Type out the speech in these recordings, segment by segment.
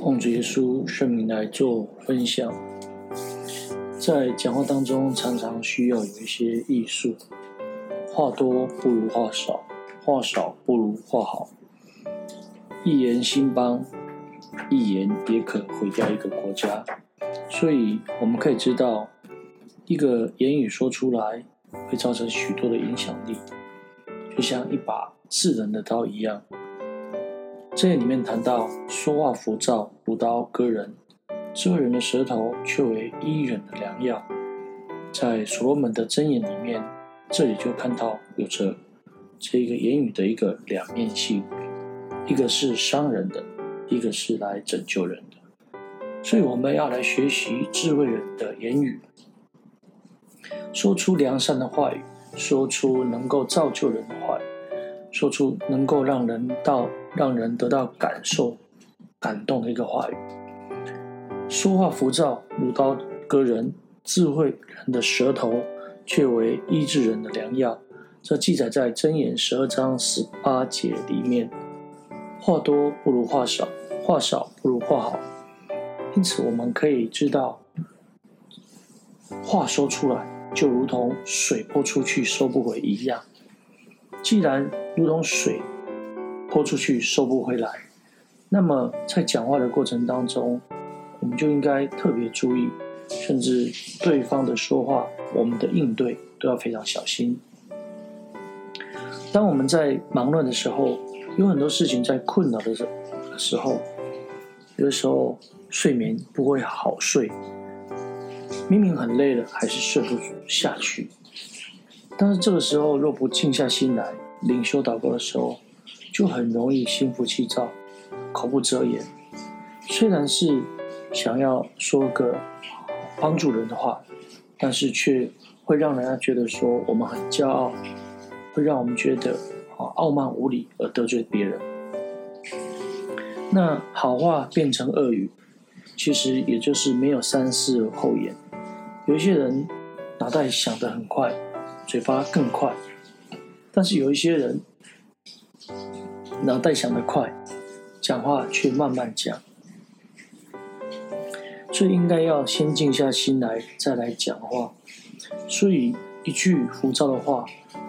奉主耶穌聖名來做分享，在講話當中常常需要有一些藝術，話多不如話少，話少不如話好。一言興邦，一言也可毀掉一個國家，所以我們可以知道，一個言語說出來會造成許多的影響力，就像一把刺人的刀一樣。這裡面談到說話浮躁如刀割人，智慧人的舌頭卻為醫人的良藥。在所羅門的箴言裡面，這裡就看到有着這一個言語的一個兩面性，一個是傷人的，一個是來拯救人的。所以我們要來學習智慧人的言語，說出良善的話語，說出能夠造就人的話語。說出能夠讓人到讓人得到感受、感動的一個話語。說話浮躁如刀割人，智慧人的舌頭卻為醫治人的良藥。這記載在《箴言》十二章十八節裡面。話多不如話少，話少不如話好。因此，我們可以知道，話說出來就如同水潑出去收不回一樣。既然如同水潑出去收不回來，那麼在講話的過程當中，我們就應該特別注意，甚至對方的說話，我們的應對都要非常小心。當我們在忙亂的時候，有很多事情在困擾的時候，有的時候睡眠不會好睡，明明很累了，還是睡不下去。但是這個時候，若不靜下心來靈修禱告的時候，就很容易心浮氣躁，口不擇言。雖然是想要說個幫助人的話，但是卻會讓人家覺得說我們很驕傲，會讓我們覺得啊傲慢無禮而得罪別人。那好話變成惡語，其實也就是沒有三思而後言。有一些人腦袋想得很快。發更快，但是有一些人腦袋想得快，講話卻慢慢講，所以應該要先靜下心來再來講話。所以一句浮躁的話，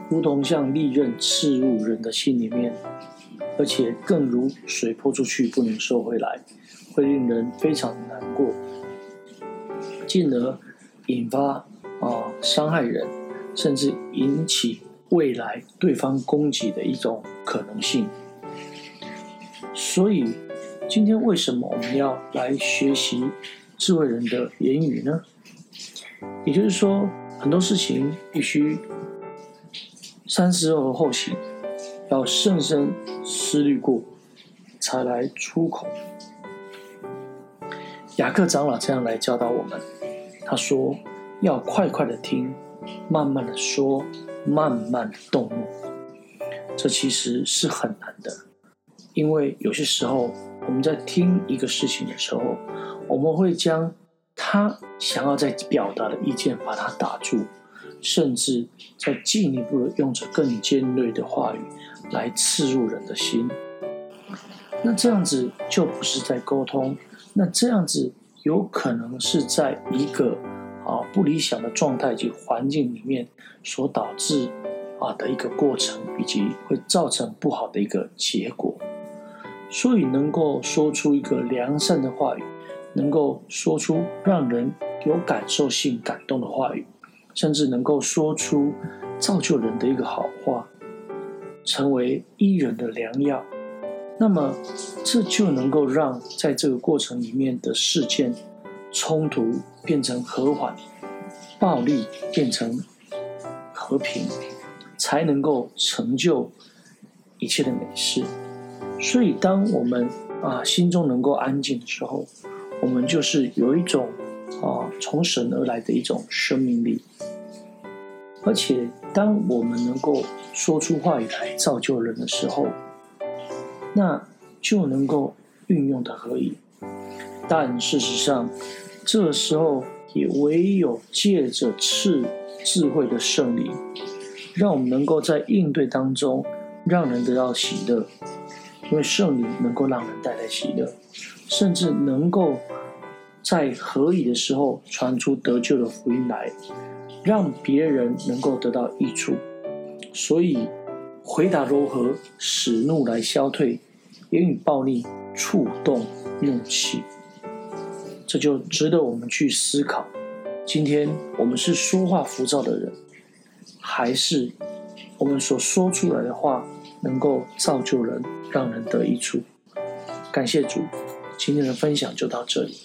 如同像利刃刺入人的心裡面，而且更如水潑出去不能收回來，會令人非常難過，進而引發啊、呃、傷害人。甚至引起未來對方攻擊的一種可能性。所以，今天為什麼我們要來學習智慧人的言語呢？也就是說，很多事情必須三思而後行，要慎思熟慮過，才來出口。雅各長老這樣來教導我們，他說：“要快快的聽。”慢慢的說，慢慢的動怒，這其實是很難的，因為有些時候我們在聽一個事情的時候，我們會將他想要在表達的意見把它打住，甚至再進一步的用着更尖銳的話語來刺入人的心。那這樣子就不是在溝通，那這樣子有可能是在一個。不理想的狀態及環境裡面所導致啊的一個過程，以及會造成不好的一個結果。所以能夠說出一個良善的話語，能夠說出讓人有感受性感動的話語，甚至能夠說出造就人的一個好話，成為醫人的良藥。那麼這就能夠讓在這個過程裡面的事件衝突變成和緩。暴力變成和平，才能夠成就一切的美事。所以，當我們啊心中能夠安靜的時候，我們就是有一種啊從神而來的一種生命力。而且，當我們能夠說出話語來造就人的時候，那就能夠運用的合一。但事實上，這個時候。也唯有借着賜智慧的聖靈，讓我們能夠在應對當中，讓人得到喜樂，因為聖靈能夠讓人帶來喜樂，甚至能夠在合理的時候傳出得救的福音來，讓別人能夠得到益處。所以，回答如何使怒來消退，言語暴戾觸動怒氣。這就值得我們去思考，今天我們是說話浮躁的人，還是我們所說出來的話能夠造就人，讓人得益處？感謝主，今天的分享就到這裡。